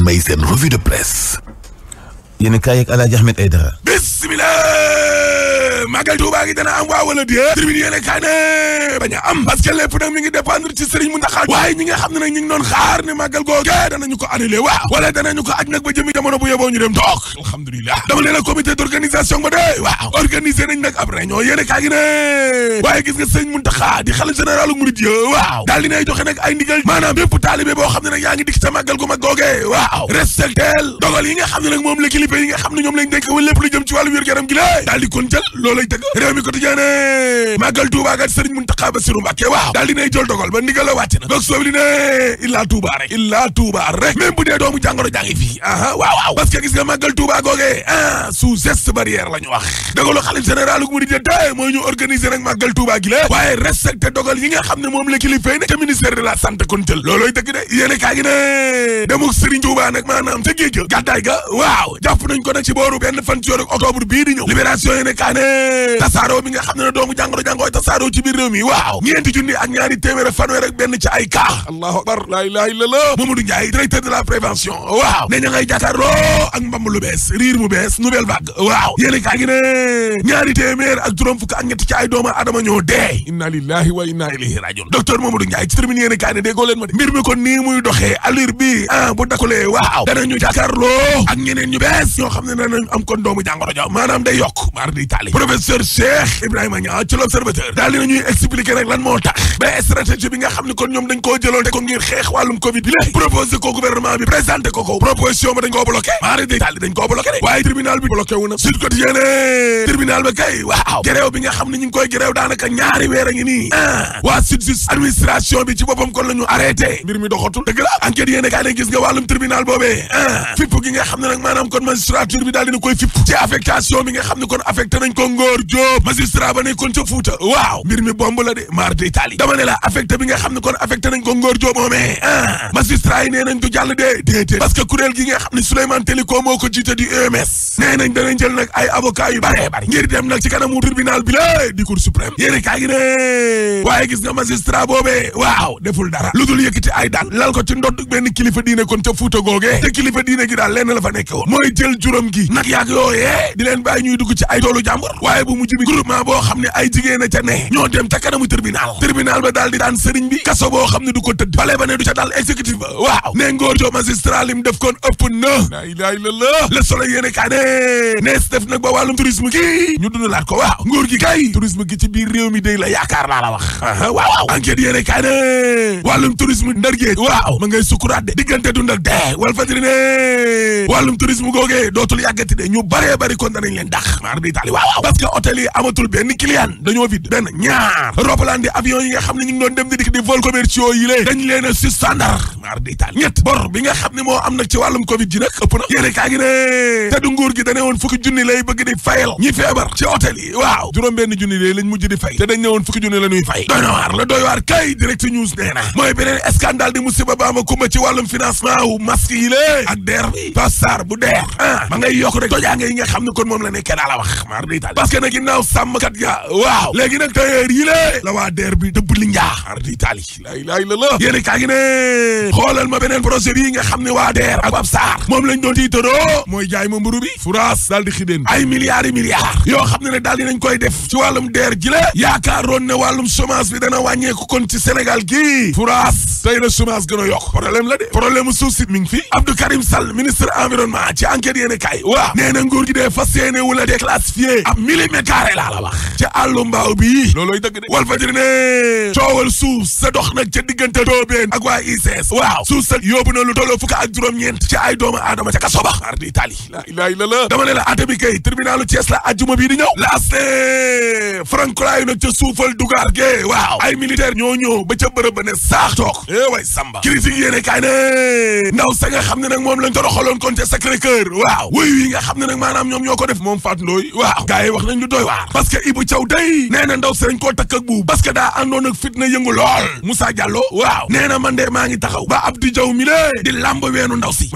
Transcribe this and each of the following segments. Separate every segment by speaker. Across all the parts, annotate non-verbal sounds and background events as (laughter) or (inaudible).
Speaker 1: leen may revue de presse yéen kaay yeeg Alaaji Ahmed Aidara
Speaker 2: bismillah màggal Tuuba gi dana am waa wala déet tribune yéene kaa ne a am parce que nag mi ngi dépendre ci sëriñ Muntaxa waaye ñi xam ne nag ñi ngi doon xaar ne màggal googe danañu ko annulé waaw wala danañu ko aj nag ba jëmi jamono bu yeboo ñu dem toog alhamdulilah dama leen a comité d'organisation ba de waaw organiser nañ nag ab réunion yéene kaa gi ne waaye gis nga sëriñ Muntaxa di xalifa généralu murid waaw boo xam ne nag yaa ngi dikk ca màggal gu mag googe respectel dogal yi xam ne nag moom kilifa yi nga xam ne ñoom lañ dénk wala lépp lu jëm ci wàllu wér yaram gi lée daal di kon jël loolay dëgg réew mi quotidien ne màggal Tuuba ga Sëriñ Muntaxa Basiru Mbàkke waaw daal di nay jël dogal ba ndigal la wàcc na boog soob li rek illaa Tuuba rek même dee doomu jàngoro jàngi fii aha waaw waaw parce que gis nga màggal Tuuba googee ah sous la ñu wax dogalu xalif général gu mu di jëte mooy ñu nag màggal Tuuba gi la waaye respecté dogal jàpp nañ ko nag ci booru ñëw libération yi ne tasaaroo bi nga ne doomu jàngoro jàngoro tasaaroo ci biir waaw ñeenti junni ak ñaari téeméer ak fanweer ak ak gi ne ñaari téeméer ak juróom fukk ak ñetti ci doomu aadama ñoo dee inna lillahi wa inna ilayhi rajiun docteur Mamadou Ndiaye ci termine yéene kaa ne déggoo leen ma de mbir mi kon nii muy doxee allure bi ah bu dakkulee waaw danañu jàkkaarloo ak ñeneen ñu bees plus ñoo xam ne ne nañ am kon doomu jàngoro ja maanaam day yokk maar di taali professeur Cheikh Ibrahima Niang ci l'Observateur daal ñuy expliquer rek lan moo tax ba stratégie xam ne kon ñoom dañ koo jëloon te kon ngir xeex wàllum covid bi la proposé ko gouvernement bi présenté ko ko proposition ba dañ koo bloqué maar di taali dañ koo bloqué waaye tribunal bi bloqué wu na Sud Quotidien tribunal ba kay waaw bi nga xam ne ñu koy gréew daanaka ñaari weer a ngi nii ah magistrature bi daal dina koy fipp bi nga xam ne waaw d' Italie dama ne la affecté bi nga xam ah e deful dara lu dul yëkkati ay daan lal ko ci ndodd kilifa diine kon ca Fuuta googee te kilifa diine gi daal lenn la fa woon jël juróom gi nag yaag yooyee di leen bàyyi ñuy dugg ci ay toolu jàmbur waaye bu mujj bi groupement boo xam ne ay jigéen a ca ne ñoo dem ca kanamu tribunal tribunal ba daal di daan sëriñ bi kaso boo xam ne du ko tëdd bale ba ne du ca daal exécutif ba waaw ne ngóor joo magistrat lim def koon ëpp na la ilaha illallah le soleil yéene ne nees nag ba wàllum tourisme gi ñu dund laat ko waaw ngóor gi kay tourisme gi ci biir réew mi la yaakaar laa la wax waaw googee dootul yàggati de ñu baree bari kon danañ leen dàq maar di taali waaw waaw parce que hôtel benn client dañoo vide benn ñaar roppalaan di avion yi xam ne ñu ngi dem di di vol commerciaux yi dañ leen a si standard maar di taali ñett bor bi nga xam ne moo am nag ci wàllum covid ji nag ëpp na yéene kaa gi ne te du nguur gi dane woon fukki junni lay bëgg waar la doy kay direct news nee na mooy beneen scandale di musiba baama kumba ci wàllum financement wu masque yi ak der pasar bu der ah ma ngay yokk rek tojaange yi nga xam ne kon moom la nekkee daala wax mar di taal parce que nag ginnaaw sàmmkat la waa deer bi dëbb li njaa mar di taal yi laa ilaaha illallaah xoolal ma beneen projet yi xam ne waa deer ak Pape Sarr moom lañ doon tiitaroo mooy jaay ma mburu furaas daal di xideen ay milliards yi milliards yoo xam ne ne koy def ci wàllum deer ji la yaakaaroon ne wàllum chômage bi dana wàññeeku kon ci Sénégal gi furaas a yokk enquête yéen a kaay waaw nee na nguur gi dee fas yéene wu la déclassifié a millimètre carré laa la wax ca àllu mbaaw bi loolooy dëgg de wal fa jëri ne coowal suuf sa dox nag ca diggante doobeen ak waaw suuf sa yóbbu lu tolloo fukk ak juróom ci ay doomu aadama ca kaso ba ardi Italie la ilaha illallah dama ne la ate kay tribunalu Thiès la ajjuma bii di ñëw laast e, frankolaayu nag ca suufal dugaar gee waaw ay militaire ñoo ba ca bërëb saax toog eh way sa waaw wuyu yi nga xam ne nag maanaam ñoom ñoo ko def moom Fatou Ndoye waaw gars wax nañ lu doy waar parce que Ibou Thiaw day nee ndaw si dañ koo takk ak bu daa àndoon fitna yëngu lool Moussa Diallo waaw nee na maa ngi taxaw ba Abdou Diaw mi lé di làmb weenu ndaw si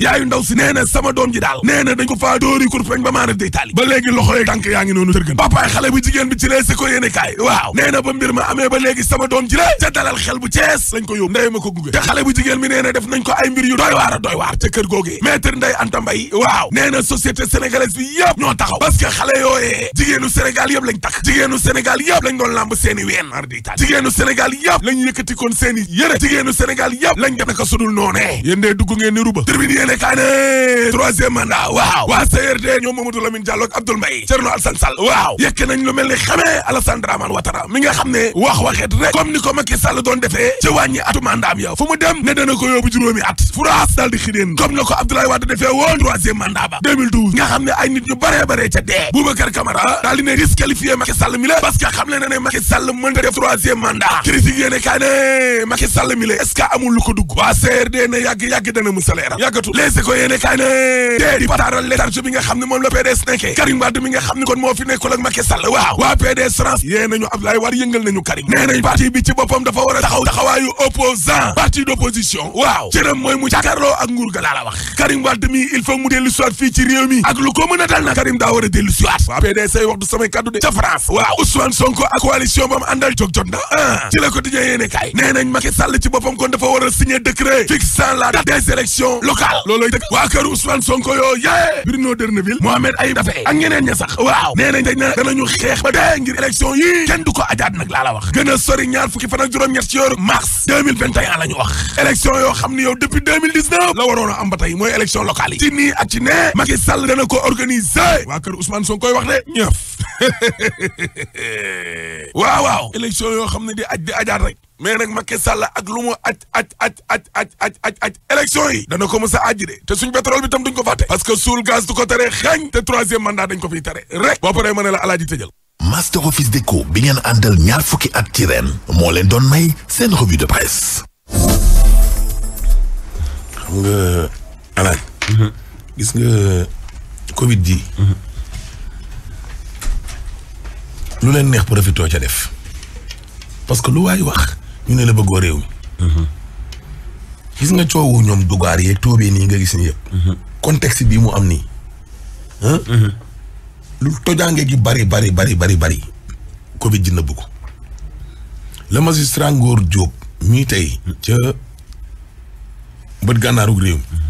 Speaker 2: yaayu ndaw si nee sama doom ji daal nee dañ ko faa dóori kurpeñ ba maaref day taali ba léegi loxo yeeg tànk yaa ngi noonu tërgën papaay xale bu jigéen bi ci lee si ko yéene kaay day waaw nee na société sénégalaise bi yëpp ñoo taxaw parce que xale yooyee jigéenu Sénégal yëpp lañ takk jigéenu Sénégal yëpp lañ doon làmb seen i ween ardita jigéenu Sénégal yëpp lañ yëkkati koon seen i yëre jigéenu Sénégal yëpp lañ def naka sudul noonee yéen dee dugg ngeen ni ruba tribune yéene kaa ne troisième mandat waaw waa CRD ñoom Mamadou Lamine Diallo ak Abdoul Mbaye Thierno Alassane Sall waaw yekk nañ lu mel ni xamee Alassane Dramane Ouattara mi nga xam troisième mandat ba 2012 nga xam ne ay nit ñu bare bare ca dee Boubacar Camara daal di ne disqualifié mi la parce que xam ne Macky Sall mën mi la est-ce que lu ko dugg waa CRD ne yàgg yàgg dana mu saleeral yàggatu les ko yéene kaa dee di pataaral létarge bi nga xam ne moom la PDS nekkee Karim Wade mi nga xam ne kon moo fi nekkul ak Macky Sall waaw waa PDS France yée nañu Abdoulaye Wade yëngal nañu Karim nee nañ parti bi ci boppam a parti d'opposition foog a dal nag Karim a dellu ah a loolooy dëgg waa kër Ousmane Sonko yoo yée Bruno Derneville Mohamed Ayib Daffé ak ñeneen ña sax waaw nee danañu xeex ba dee ngir élection yii kenn du ko ajaat nag laa la wax gën a sori ñaar fukki fan juróom-ñett ci mars 2021 wax élection yoo yi nii ak ci ne Macky Sall dana ko organiser waa kër Ousmane Sonko koy wax de ñëf (laughs) waaw waaw élection yoo xam ne di aj di ajaat rek mais nag Macky Sall ak lu mu aj aj aj aj aj aj aj yi dana ko mës a ajji de te suñ pétrole bi tam duñ ko fàtte parce que suul gaz du ko tere xeeñ te troisième mandat dañ ko fiy tere rek
Speaker 1: boo paree ma ne la alaaji tëjal master office bi ngeen àndal ñaar fukki at ci ren moo leen doon may seen revue gis nga Covid ji. Mhm. lu leen neex profitoo ca def. parce que lu waay wax ñu ne la bëggoo réew mi. Mhm. gis nga coowu ñoom dugaar yeeg toobee nii nga gis ni yëpp. Mhm. contexte bii mu am nii. lu tojaange gi bari bari bari bari bari. Covid ji nëbb ko. le magistrat Ngor Diop mii tey ca bët gànnaarug réew mi.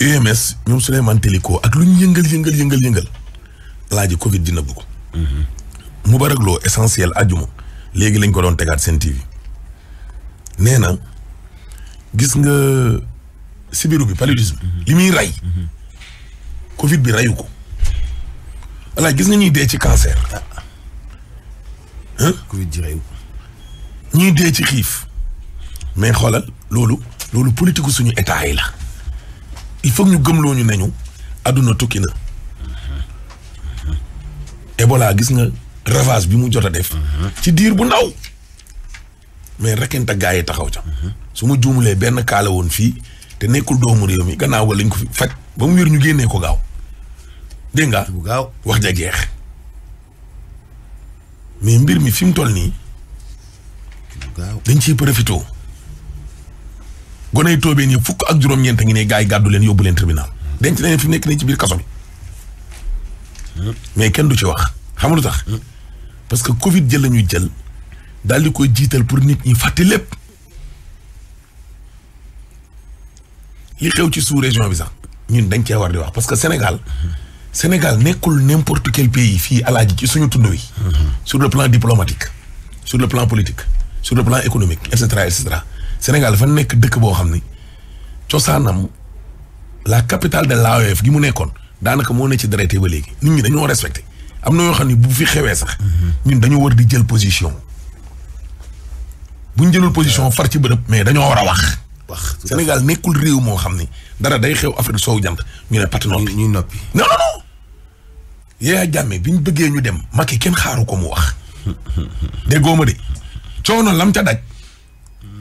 Speaker 1: UMS ñoom Souleymane ko ak lu ñu yëngal yëngal yëngal yëngal laaji Covid dina bugg. Moubarak mm-hmm. Lo essentiel ajuma léegi lañ ko doon tegaat seen TV nee na gis nga sibiru bi paludisme. Mm-hmm. li muy rey. Mm-hmm. Covid bi reyu ko. voilà gis nga ñuy dee ci cancer. ah. Covid ji reyu ci xiif mais xoolal loolu loolu politique suñu état yi la. il faut ñu gëmloo ñu ne ñu àdduna tukki na Ebola gis nga ravage bi mu jot a def. ci diir bu ndaw. mais rekkenta gaa yi taxaw ca. su ma juumulee benn kaala woon fii te nekkul doomu réew mi gannaaw wala lañ ko fi faj ba mu wér ñu génnee ko gaaw dégg nga. gaaw wax ja jeex mais mbir mi fi mu toll nii. dañ ciy profité. gone yi toobeen yi fukk ak juróom-ñeent ngi ne gars yi gàddu leen yóbbu leen tribunal denc na fi nekk nii ci biir kaso bi mais kenn du ci wax xam lu tax parce que Covid jël la ñuy jël daal di koy jiital pour nit ñi fàtte lépp li xew ci sous région bi sax ñun dañ cee war di wax parce que Sénégal Sénégal nekkul n'importe quel pays fii alaaji ci suñu tund wi. Mhm. sur le plan diplomatique sur le plan politique sur le plan économique et cetera Sénégal dafa nekk dëkk boo xam ni cosaanam la capitale de l'AOF gi mu nekkoon daanaka moo ne ci deret ba léegi nit ñi dañoo respecté am na yoo xam ne bu fi xewee sax. ñun dañoo war di jël position. bu ñu position far ci bërëb mais dañoo war a wax. wax Sénégal nekkul réew moo xam ni dara day xew Afrique soowu jant ñu ne pati noppi ñu noppi. non non non Yaya Jammeh bi ñu bëggee ñu dem Macky kenn xaaru ko mu wax. (laughs) déggoo ma de coono lam ca daj.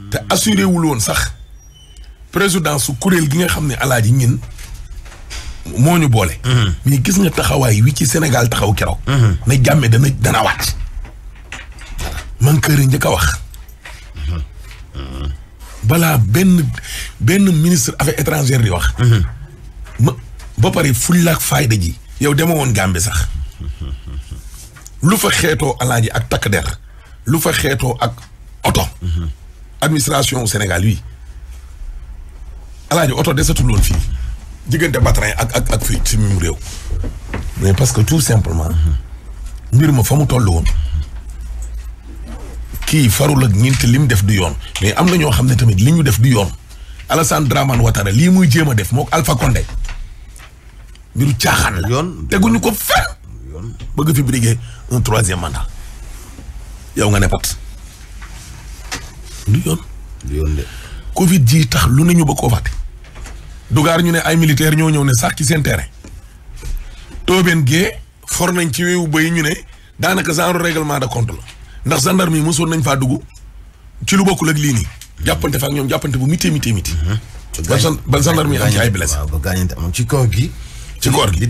Speaker 1: te assuré wul woon sax président su kuréel gi nga xam ne alaaji ñin moo ñu boole. Mhm. mais gis nga taxawaay wi ci Sénégal taxaw keroog. Mhm. na jàmme dana dana wàcc. man kër njëkk a wax. Mhm. balaa benn benn ministre affaires étrangères di wax. ma ba pare fullaak fayda ji. yow deme woon gàmbe sax. lu fa xeetoo alaaji ak takk der lu fa xeetoo ak oto. administration Sénégal wi alaaji oto desatu woon fii diggante batrin ak ak ak fii réew mais parce que tout simplement mbir ma fa mu toll kii farul ak ñint li mu def du yoon mais am na ñoo xam ne tamit li ñu def du yoon Alassane Dramane Ouattara lii muy jéem a def mook Alpha Condé mbiru caaxaan la yoon teguñu ko fenn bëgg fi briguer un troisième mandat yow nga ne du yoon. du yoon de. Covid ji tax lu ne ñu bëgg koo fàtte. Dugaar ñu ne ay militaire ñoo ñëw ne sax ci seen terrain. Tobeen gee for nañ ci ba yi ñu ne daanaka genre règlement de compte la ndax mi mosoon nañ faa dugg ci lu bokk ak lii nii. jàppante fa ak ñoom jàppante bu miti miti miti. Mhm. ba gendarmerie am ci ay blessé. waaw ba gaañante am ci koor gi. ci gi.